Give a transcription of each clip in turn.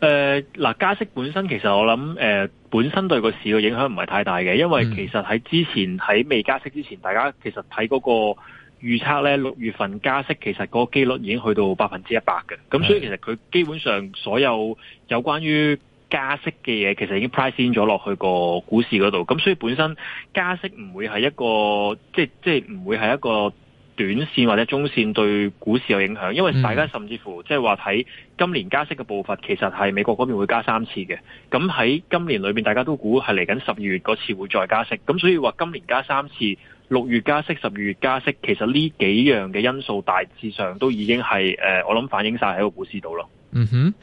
誒，嗱、呃、加息本身其實我諗，誒、呃、本身對個市嘅影響唔係太大嘅，因為其實喺之前喺未加息之前，大家其實睇嗰個預測咧，六月份加息其實嗰個幾率已經去到百分之一百嘅，咁所以其實佢基本上所有有關於加息嘅嘢，其實已經 price in 咗落去個股市嗰度，咁所以本身加息唔會係一個，即係即係唔會係一個。短線或者中線對股市有影響，因為大家甚至乎即係話睇今年加息嘅步伐，其實係美國嗰邊會加三次嘅。咁喺今年裏面，大家都估係嚟緊十二月嗰次會再加息。咁所以話今年加三次，六月加息，十二月加息，其實呢幾樣嘅因素大致上都已經係，誒，我諗反映晒喺個股市度咯。嗯哼，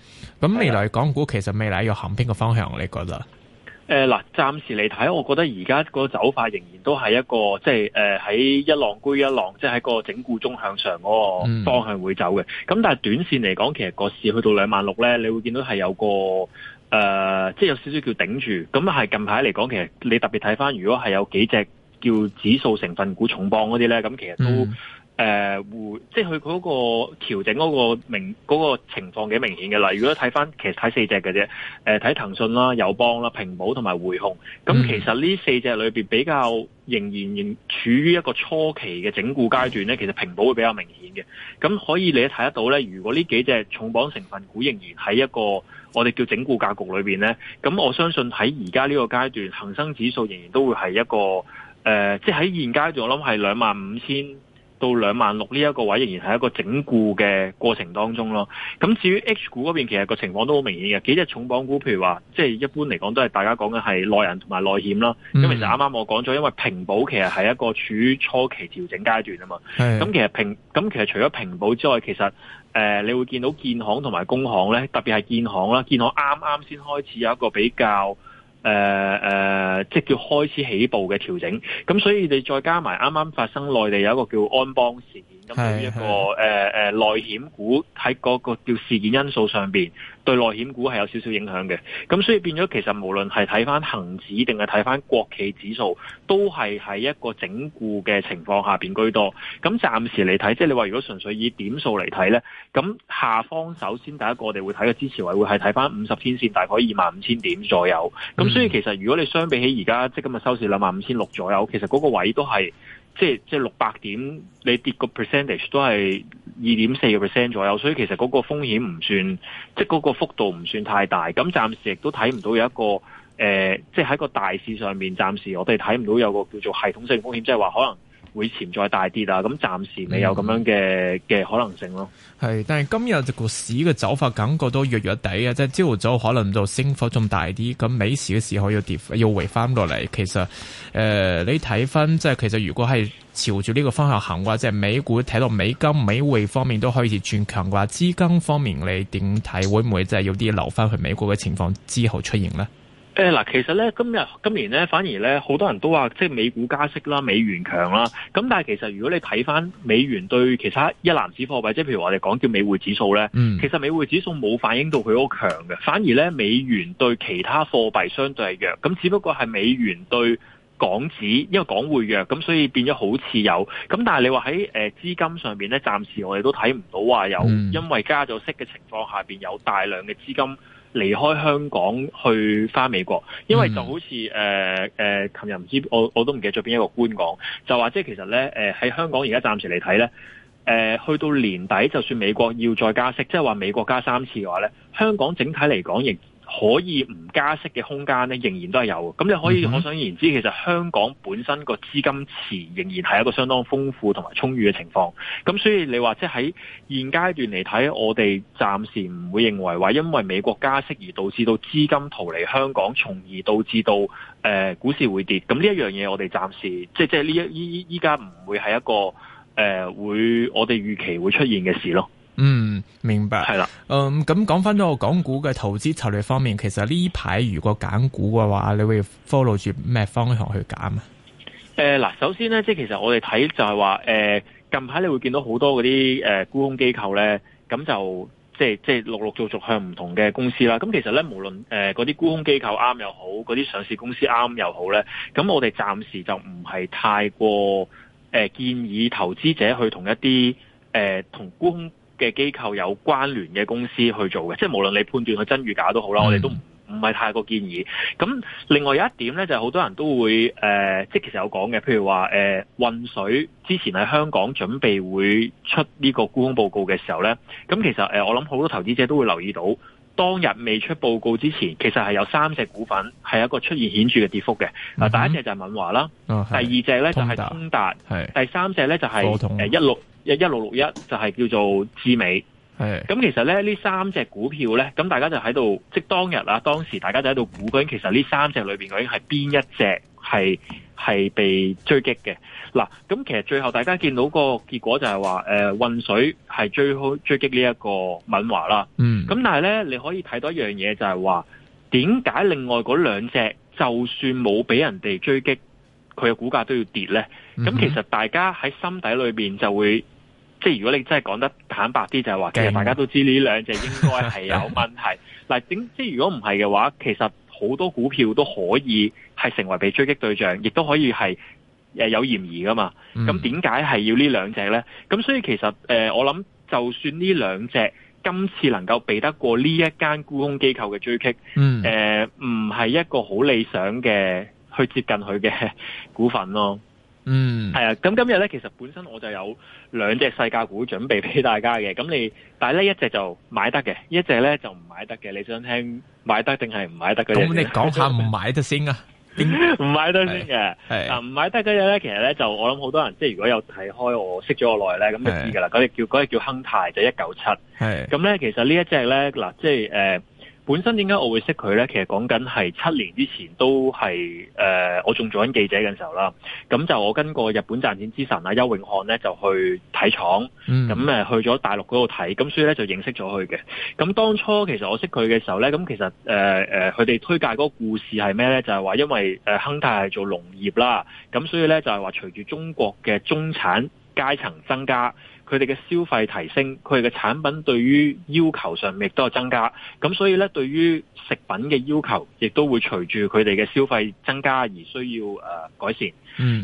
咁未來港股其實未來要行邊個方向，你覺得？誒、嗱、呃，暫時嚟睇，我覺得而家個走法仍然都係一個，即係，喺、呃、一浪歸一浪，即係喺個整固中向上嗰個方向會走嘅。咁、嗯、但係短線嚟講，其實個市去到兩萬六咧，你會見到係有個，誒、呃，即係有少少叫頂住。咁係近排嚟講，其實你特別睇翻，如果係有幾隻叫指數成分股重磅嗰啲咧，咁其實都。嗯誒回、呃、即係佢嗰個調整嗰個明嗰、那個、情況幾明顯嘅啦。如果睇返，其實睇四隻嘅啫。誒、呃，睇騰訊啦、友邦啦、平保同埋匯控咁。其實呢四隻裏邊比較仍然仍處於一個初期嘅整固階段咧。其實平保會比較明顯嘅。咁可以你睇得到咧。如果呢幾隻重磅成分股仍然喺一個我哋叫整固格局裏邊咧，咁我相信喺而家呢個階段，恒生指數仍然都會係一個誒、呃，即係喺現階段我諗係兩萬五千到兩萬六呢一個位仍然係一個整固嘅過程當中咯。咁至於 H 股嗰邊，其實個情況都好明顯嘅。幾隻重磅股，譬如話，即係一般嚟講都係大家講嘅係內銀同埋內險啦。因為、嗯、其實啱啱我講咗，因為平保其實係一個處於初期調整階段啊嘛。咁是的 其實平，咁其實除咗平保之外，其實誒、呃，你會見到建行同埋工行咧，特別係建行啦，建行啱啱先開始有一個比較。誒誒、呃呃，即叫開始起步嘅調整，咁所以你再加埋啱啱發生內地有一個叫安邦事件。咁對於一個誒誒是是、呃、內險股喺嗰個叫事件因素上面，對內險股係有少少影響嘅。咁所以變咗其實無論係睇翻恒指定係睇翻國企指數，都係喺一個整固嘅情況下邊居多。咁暫時嚟睇，即係你話如果純粹以點數嚟睇呢，咁下方首先第一個我哋會睇嘅支持位會係睇翻五十天線，大概二萬五千點左右。咁所以其實如果你相比起而家即今日收市兩萬五千六左右，其實嗰個位都係。即係即係六百點，你跌個 percentage 都係二點四個 percent 左右，所以其實嗰個風險唔算，即係嗰個幅度唔算太大。咁暫時亦都睇唔到有一個，誒、呃，即係喺個大市上面，暫時我哋睇唔到有個叫做系統性風險，即係話可能。會潛在大跌啦，咁暫時未有咁樣嘅嘅、嗯、可能性咯。係，但係今日個市嘅走法感覺都弱弱地啊，即係朝早可能就升幅仲大啲，咁美市嘅時候要跌要回翻落嚟。其實，誒、呃，你睇翻即係其實如果係朝住呢個方向行嘅話，即係美股睇到美金、美匯方面都開始轉強嘅話，資金方面你怎看會會點睇？會唔會即係有啲留翻去美股嘅情況之後出現呢？誒，嗱，其實咧，今日今年咧，反而咧，好多人都話，即係美股加息啦，美元強啦，咁但係其實如果你睇翻美元對其他一籃子貨幣，即係譬如我哋講叫美匯指數咧，其實美匯指數冇反映到佢好強嘅，反而咧美元對其他貨幣相對係弱，咁只不過係美元對港紙，因為港匯弱，咁所以變咗好似有，咁但係你話喺誒資金上邊咧，暫時我哋都睇唔到話有因為加咗息嘅情況下邊有大量嘅資金。離開香港去返美國，因為就好似誒誒，琴日唔知我我都唔記得咗邊一個官講，就話即係其實咧誒喺香港而家暫時嚟睇，咧誒去到年底就算美國要再加息，即係話美國加三次嘅話咧，香港整體嚟講亦可以唔加息嘅空間咧，仍然都係有。咁你可以可、嗯、哼想而知，其實香港本身個資金池仍然係一個相當豐富同埋充裕嘅情況。咁所以你話即係喺現階段嚟睇，我哋暫時唔會認為話因為美國加息而導致到資金逃離香港，從而導致到、呃、股市會跌。咁呢一樣嘢，我哋暫時即係即係呢一依依家唔會係一個、呃、會我哋預期會出現嘅事咯。嗯，明白，係啦的。嗯，咁講翻咗個港股嘅投資策略方面，其實呢排如果揀股嘅話，你會 follow 住咩方向去揀啊？誒，嗱，首先咧，即係其實我哋睇就係話，誒、呃，近排你會見到好多嗰啲誒沽空機構咧，咁就即係即係陸陸續續向唔同嘅公司啦。咁其實咧，無論誒嗰啲沽空機構啱又好，嗰啲上市公司啱又好咧，咁我哋暫時就唔係太過誒、呃、建議投資者去同一啲誒同沽嘅機構有關聯嘅公司去做嘅，即係無論你判斷佢真與假都好啦，嗯、我哋都唔係太過建議。咁另外有一點呢，就係、是、好多人都會誒、呃，即係其實有講嘅，譬如話誒、呃、渾水之前喺香港準備會出呢個沽空報告嘅時候呢。咁其實誒、呃、我諗好多投資者都會留意到，當日未出報告之前，其實係有三隻股份係一個出現顯著嘅跌幅嘅。啊、嗯哼，第一隻就係敏華啦，哦、第二隻呢就係通達，第三隻呢就係一六。一一六六一就係叫做智美，係咁的其實咧呢三隻股票咧，咁大家就喺度即當日啦，當時大家就喺度估緊，其實呢三隻裏面，究竟係邊一隻係係被追擊嘅？嗱，咁、啊、其實最後大家見到個結果就係話誒渾水係追追擊呢一個敏華啦，嗯，咁但係咧你可以睇到一樣嘢就係話點解另外嗰兩隻就算冇俾人哋追擊，佢嘅股價都要跌咧？咁、嗯、哼其實大家喺心底裏面就會。即係如果你真係講得坦白啲，就係話，其實大家都知呢兩隻應該係有問題，嗱，整即係如果唔係嘅話，其實好多股票都可以係成為被追擊對象，亦都可以係誒有嫌疑噶嘛。咁點解係要呢兩隻咧？咁所以其實誒，呃，我諗就算呢兩隻今次能夠避得過呢一間沽空機構嘅追擊，誒唔係一個好理想嘅去接近佢嘅股份咯。嗯，係啊，咁今日咧，其實本身我就有兩隻細價股準備俾大家嘅，咁你但係呢一隻就買得嘅，一隻咧就唔買得嘅，你想聽買得定係唔買得嘅？咁你講下唔買得先啊？唔 買得先嘅，係啊，唔買得嗰隻咧，其實咧就我諗好多人即係如果有睇開我識咗我耐咧，咁就知噶啦。嗰隻叫嗰隻叫亨泰，就一九七。係咁咧，其實呢一隻咧嗱，即係誒。本身點解我會識佢呢？其實講緊係七年之前都係誒、呃，我仲做緊記者嘅時候啦。咁就我跟過日本賺錢之神啦，邱永漢呢，就去睇廠，咁誒去咗大陸嗰度睇，咁所以呢就認識咗佢嘅。咁當初其實我識佢嘅時候呢，咁其實誒佢哋推介嗰個故事係咩呢？就係、是、話因為、呃、亨泰係做農業啦，咁所以呢，就係話隨住中國嘅中產階層增加。佢哋嘅消費提升，佢哋嘅產品對於要求上亦都有增加，咁所以咧對於食品嘅要求，亦都會隨住佢哋嘅消費增加而需要誒、呃、改善。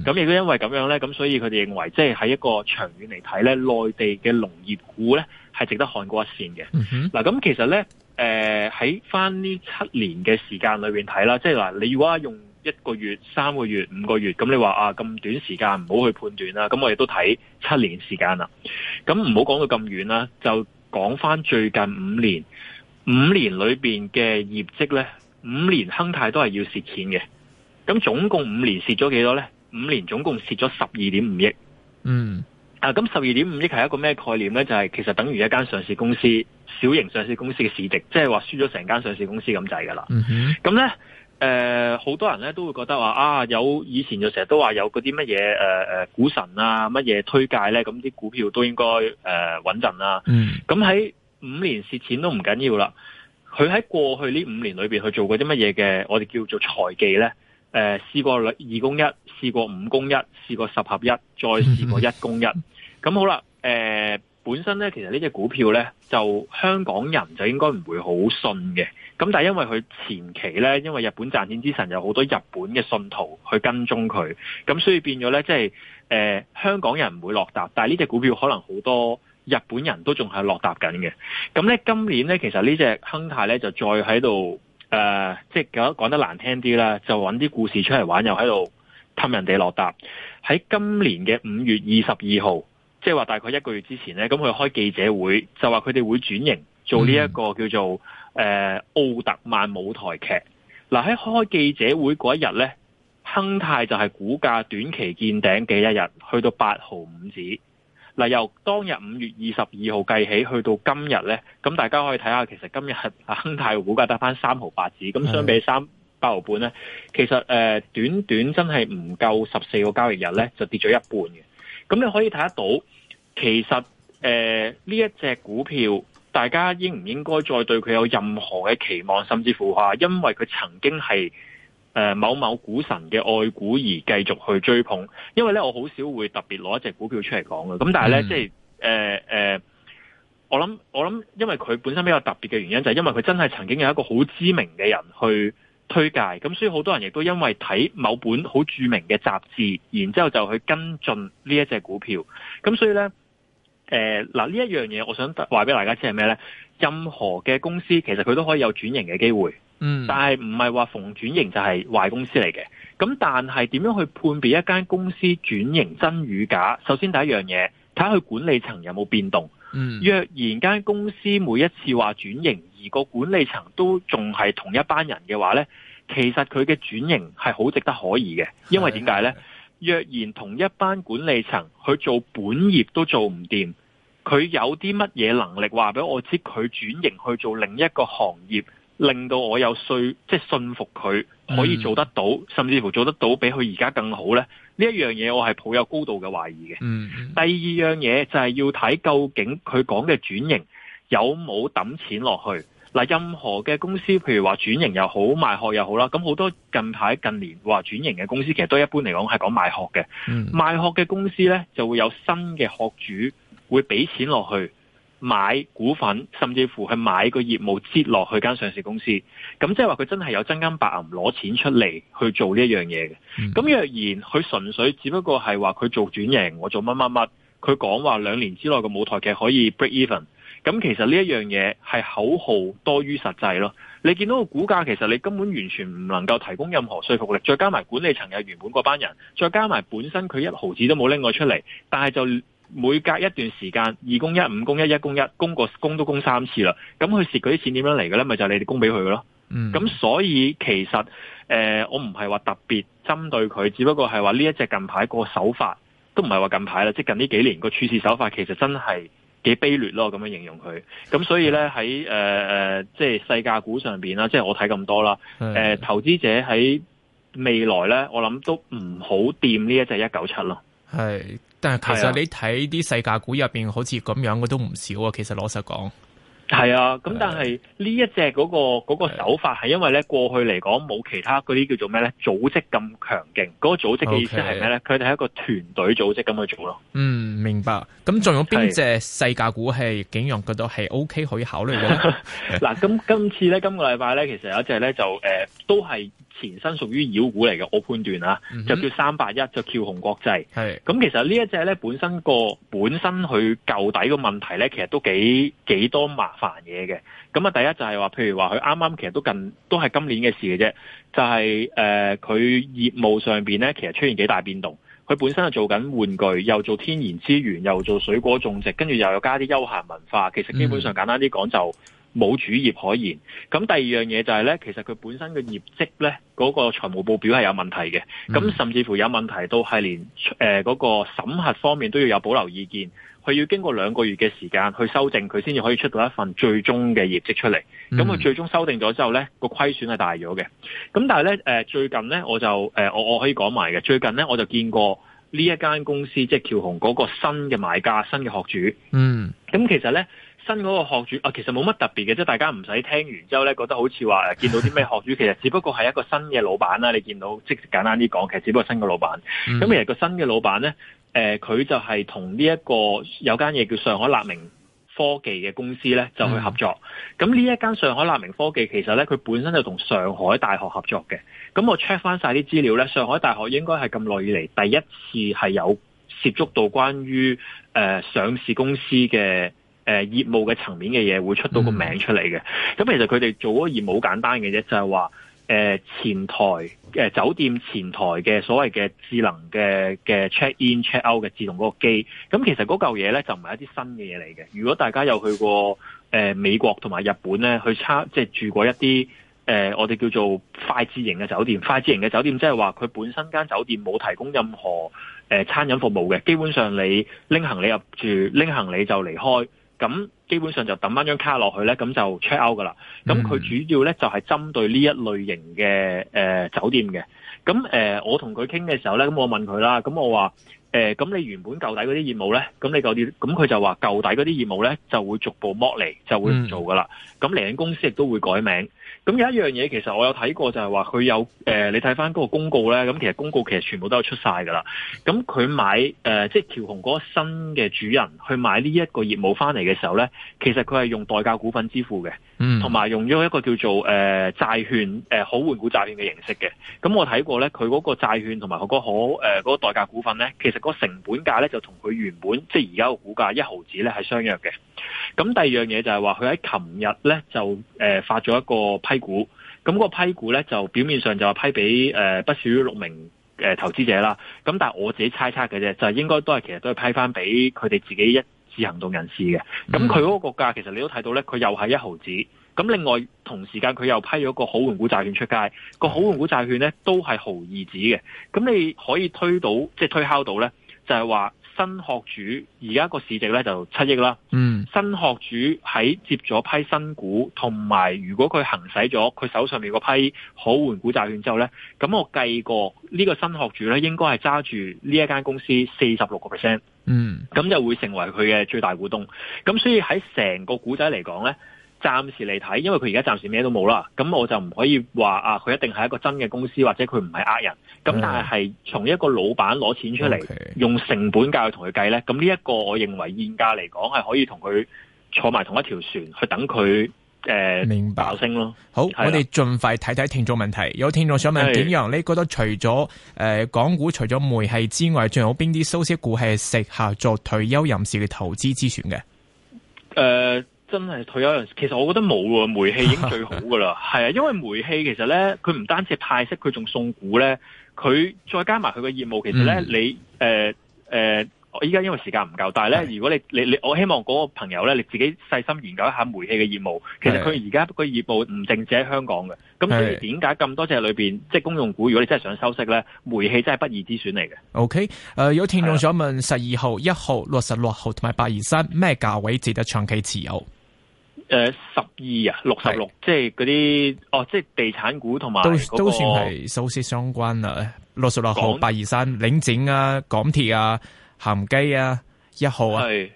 咁亦都因為咁樣咧，咁所以佢哋認為即係喺一個長遠嚟睇咧，內地嘅農業股咧係值得看過一線嘅。嗱、嗯哼，咁其實咧誒喺翻呢、呃、在這七年嘅時間裏邊睇啦，即係嗱，你如果用，一個月、三個月、五個月，咁你話啊，咁短時間唔好去判斷啦。咁我亦都睇七年時間啦。咁唔好講到咁遠啦，就講翻最近五年，五年裏邊嘅業績呢，五年亨泰都係要蝕錢嘅。咁總共五年蝕咗幾多呢？五年總共蝕咗十二點五億。嗯，啊，咁十二點五億係一個咩概念呢？就係其實等於一間上市公司，小型上市公司嘅市值，即係話輸咗成間上市公司咁滯㗎啦。咁、嗯、哼呢誒，好、呃、多人咧都會覺得話啊，有以前就成日都話有嗰啲乜嘢誒誒股神啊，乜嘢推介咧，咁啲股票都應該誒、呃、穩陣啦、啊。咁喺、嗯、五年蝕錢都唔緊要啦。佢喺過去呢五年裏邊去做過啲乜嘢嘅？我哋叫做財技咧。誒、呃，試過二供一，試過五供一，試過十合一，再試過一供一。咁、嗯、好啦，誒、呃，本身咧其實呢隻股票咧，就香港人就應該唔會好信嘅。咁但係因為佢前期咧，因為日本賺錢之神有好多日本嘅信徒去跟蹤佢，咁所以變咗咧，即係誒香港人唔會落踏，但係呢隻股票可能好多日本人都仲係落踏緊嘅。咁咧今年咧，其實隻呢隻亨泰咧就再喺度誒，即係講得難聽啲啦，就揾啲故事出嚟玩，又喺度氹人哋落踏。喺今年嘅五月二十二號，即係話大概一個月之前咧，咁佢開記者會，就話佢哋會轉型做呢、這、一個叫做。嗯誒，奧、呃、特曼舞台劇嗱，喺、呃、開記者會嗰一日咧，亨泰就係股價短期見頂嘅一日，去到八毫五指。嗱、呃，由當日五月二十二號計起，去到今日咧，咁大家可以睇下，其實今日啊亨泰股價得返三毫八指。咁相比三八毫半咧，其實誒、呃、短短真係唔夠十四個交易日咧，就跌咗一半嘅。咁你可以睇得到，其實誒呢、呃、一隻股票。大家應唔應該再對佢有任何嘅期望，甚至乎話因為佢曾經係誒、呃、某某股神嘅愛股而繼續去追捧？因為咧，我好少會特別攞一隻股票出嚟講嘅。咁但係咧，嗯、即係誒誒，我諗我諗，因為佢本身比較特別嘅原因，就係因為佢真係曾經有一個好知名嘅人去推介，咁所以好多人亦都因為睇某本好著名嘅雜誌，然之後就去跟進呢一隻股票，咁所以咧。誒，嗱呢、呃、一樣嘢，我想話俾大家知係咩呢？任何嘅公司其實佢都可以有轉型嘅機會，嗯，但係唔係話逢轉型就係壞公司嚟嘅。咁但係點樣去判別一間公司轉型真與假？首先第一樣嘢，睇下佢管理層有冇變動。嗯，若然間公司每一次話轉型，而個管理層都仲係同一班人嘅話呢，其實佢嘅轉型係好值得可疑嘅，因為點解呢？若然同一班管理層去做本業都做唔掂，佢有啲乜嘢能力話俾我知？佢轉型去做另一個行業，令到我有信，即係信服佢可以做得到，甚至乎做得到比佢而家更好呢。呢一樣嘢我係抱有高度嘅懷疑嘅。第二樣嘢就係要睇究竟佢講嘅轉型有冇抌錢落去。嗱，任何嘅公司，譬如話轉型又好，賣殼又好啦，咁好多近排近年話轉型嘅公司，其實都一般嚟講係講賣殼嘅。Mm. 賣殼嘅公司呢，就會有新嘅殼主會俾錢落去買股份，甚至乎去買個業務接落去間上市公司。咁即係話佢真係有真金白銀攞錢出嚟去做呢一樣嘢嘅。咁、mm. 若然佢純粹只不過係話佢做轉型，我做乜乜乜，佢講話兩年之內個舞台劇可以 break even。咁其實呢一樣嘢係口號多於實際咯。你見到個股價其實你根本完全唔能夠提供任何說服力。再加埋管理層嘅原本嗰班人，再加埋本身佢一毫子都冇拎我出嚟，但係就每隔一段時間二供一、五供一、一供一，供個供都供三次啦。咁佢蝕嗰啲錢點樣嚟嘅咧？咪就係、是、你哋供俾佢嘅咯。咁、嗯、所以其實誒、呃，我唔係話特別針對佢，只不過係話呢一隻近排個手法都唔係話近排啦，即近呢幾年個處事手法其實真係。幾卑劣咯，咁樣形容佢。咁所以咧喺誒誒，即係細價股上邊啦，即係我睇咁多啦。誒、嗯呃，投資者喺未來咧，我諗都唔好掂呢一隻一九七咯。係，但係其實你睇啲細價股入邊，是啊、好似咁樣嘅都唔少啊。其實老實講。係啊，咁但係呢一隻嗰個嗰、那個那個手法係，因為咧過去嚟講冇其他嗰啲叫做咩咧組織咁強勁，嗰、那個組織嘅意思係咩咧？佢哋 Okay. 係一個團隊組織咁去做咯。嗯，明白。咁仲有邊隻細價股係是景揚覺得係 O K 可以考慮咗？嗱 咁今次咧，今個禮拜咧，其實有一隻咧就誒、呃，都係。前身屬於妖股嚟嘅，我判斷啊，就叫三八一，hmm. 就僑雄國際。係咁是，其實呢一隻咧本身個本身佢舊底嘅問題咧，其實都幾幾多麻煩嘢嘅。咁啊，第一就係話，譬如話佢啱啱其實都近都係今年嘅事嘅啫，就係誒佢業務上邊咧，其實出現幾大變動。佢本身係做緊玩具，又做天然資源，又做水果種植，跟住又有加啲休閒文化。其實基本上簡單啲講就。Mm hmm. 冇主業可言，咁第二樣嘢就係咧，其實佢本身嘅業績咧，嗰、嗰個財務報表係有問題嘅，咁、嗯、甚至乎有問題都係連誒嗰、呃嗰個審核方面都要有保留意見，佢要經過兩個月嘅時間去修正，佢先至可以出到一份最終嘅業績出嚟。咁佢、嗯、最終修訂咗之後咧，嗰個虧損係大咗嘅。咁但係咧、呃、最近咧我就誒、呃、我我可以講埋嘅，最近咧我就見過呢一間公司即係僑雄嗰個新嘅買家、新嘅學主，嗯，咁其實咧。新嗰個學主啊，其實冇乜特別嘅，即係大家唔使聽完之後咧，覺得好似話誒見到啲咩學主 其，其實只不過係、嗯、一個新嘅老闆啦。你見到即係簡單啲講，其實只不過新嘅老闆。咁其實個新嘅老闆咧，誒佢就係同呢一個有間嘢叫上海立明科技嘅公司咧，就去合作。咁呢、嗯、一間上海立明科技其實咧，佢本身就同上海大學合作嘅。咁我 check 翻晒啲資料咧，上海大學應該係咁耐以嚟第一次係有涉足到關於誒、呃、上市公司嘅。誒、呃、業務嘅層面嘅嘢會出到個名出嚟嘅，咁、嗯、其實佢哋做嗰個業務好簡單嘅啫，就係話誒前台、呃、酒店前台嘅所謂嘅智能嘅嘅 check in check out 嘅自動嗰個機，咁、嗯、其實嗰嚿嘢咧就唔係一啲新嘅嘢嚟嘅。如果大家有去過誒、呃、美國同埋日本咧，去差即係、就是、住過一啲誒、呃、我哋叫做快捷型嘅酒店，快捷型嘅酒店即係話佢本身間酒店冇提供任何誒、呃、餐飲服務嘅，基本上你拎行李入住拎行李就離開。咁基本上就抌翻張卡落去咧，咁就 check out 噶啦。咁佢主要咧就係針對呢一類型嘅誒酒店嘅。咁誒，我同佢傾嘅時候咧，咁我問佢啦，咁我話誒，咁你原本舊底嗰啲業務咧，咁你舊啲，咁佢就話舊底嗰啲業務咧就會逐步剝離，就會唔做噶啦。咁嚟緊公司亦都會改名。咁有一樣嘢，其實我有睇過就有，就係話佢有誒，你睇翻嗰個公告咧，咁其實公告其實全部都係出曬㗎啦。咁佢買誒，即係喬雄嗰新嘅主人去買呢一個業務翻嚟嘅時候咧，其實佢係用代價股份支付嘅。嗯，同埋用咗一個叫做誒、呃、債券誒、呃、可換股債券嘅形式嘅，咁我睇過咧，佢嗰個債券同埋嗰個可誒嗰個代價股份咧，其實個成本價咧就同佢原本即係而家個股價一毫子咧係相若嘅。咁第二樣嘢就係話佢喺琴日咧就誒、呃、發咗一個批股，咁個批股咧就表面上就批俾誒、呃、不少於六名、呃、投資者啦。咁但係我自己猜測嘅啫，就應該都係其實都係批翻俾佢哋自己一。自行動人士嘅，咁佢嗰個價其實你都睇到咧，佢又係一毫子。咁另外同時間佢又批咗個好換股債券出街，那個好換股債券咧都係毫二子嘅。咁你可以推到，即係推敲到咧，就係、是、話。新學主而家個市值咧就七億啦，嗯，新學主喺接咗批新股，同埋如果佢行使咗佢手上面嗰批可換股債券之後咧，咁我計過呢個新學主咧應該係揸住呢一間公司四十六個 percent，嗯，咁就會成為佢嘅最大股東，咁所以喺成個股仔嚟講咧。暫時嚟睇，因為佢而家暫時咩都冇啦，咁我就唔可以話啊，佢一定係一個真嘅公司，或者佢唔係呃人。咁但係係從一個老闆攞錢出嚟，Okay. 用成本價去同佢計呢。咁呢一個我認為現價嚟講係可以同佢坐埋同一條船，去等佢誒、呃、明白。爬升咯。好，的我哋盡快睇睇聽眾問題。有聽眾想問：點樣的？你覺得除咗誒、呃、港股，除咗煤氣之外，仲有邊啲收息股係適合作退休人士嘅投資之選嘅？誒、呃。真係退休其實我覺得冇喎，煤氣已經最好噶啦，係啊， 因為煤氣其實呢，佢唔單止派息，佢仲送股呢。佢再加埋佢嘅業務，其實呢，嗯、你誒誒，依、呃、家、呃、因為時間唔夠，但係是 如果你你我希望嗰個朋友呢，你自己細心研究一下煤氣嘅業務，其實佢而家個業務唔淨止喺香港嘅，咁所以點解咁多隻裏邊，即係公用股，如果你真係想收息呢，煤氣真係不二之選嚟嘅。O K，誒有聽眾想問，十二是的 號、一號、六十六號同埋八二三咩價位值得長期持有？誒十二啊，六十六，即係嗰啲，哦，即係地產股同埋都都算係收息相關啦。六十六號、八二三、23，領展啊、港鐵啊、恒基啊、一號啊。係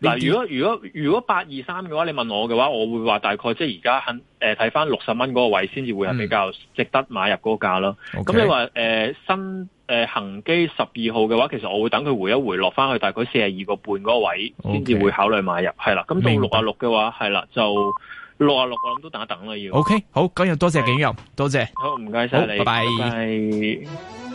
嗱是的，如果如果如果八二三嘅話，你問我嘅話，我會話大概即係而家肯誒睇返六十蚊嗰個位先至會係比較值得買入嗰個價咯。咁你話誒新？誒恒基十二號嘅話，其實我會等佢回一回落翻去大概四十二個半嗰個位，先至 Okay. 會考慮買入，係啦。咁到六啊六嘅話，係啦，就六啊六我諗都等一等啦要。O、okay, K，好，今日多謝景揚，多謝。好，唔該晒你，拜拜。拜拜。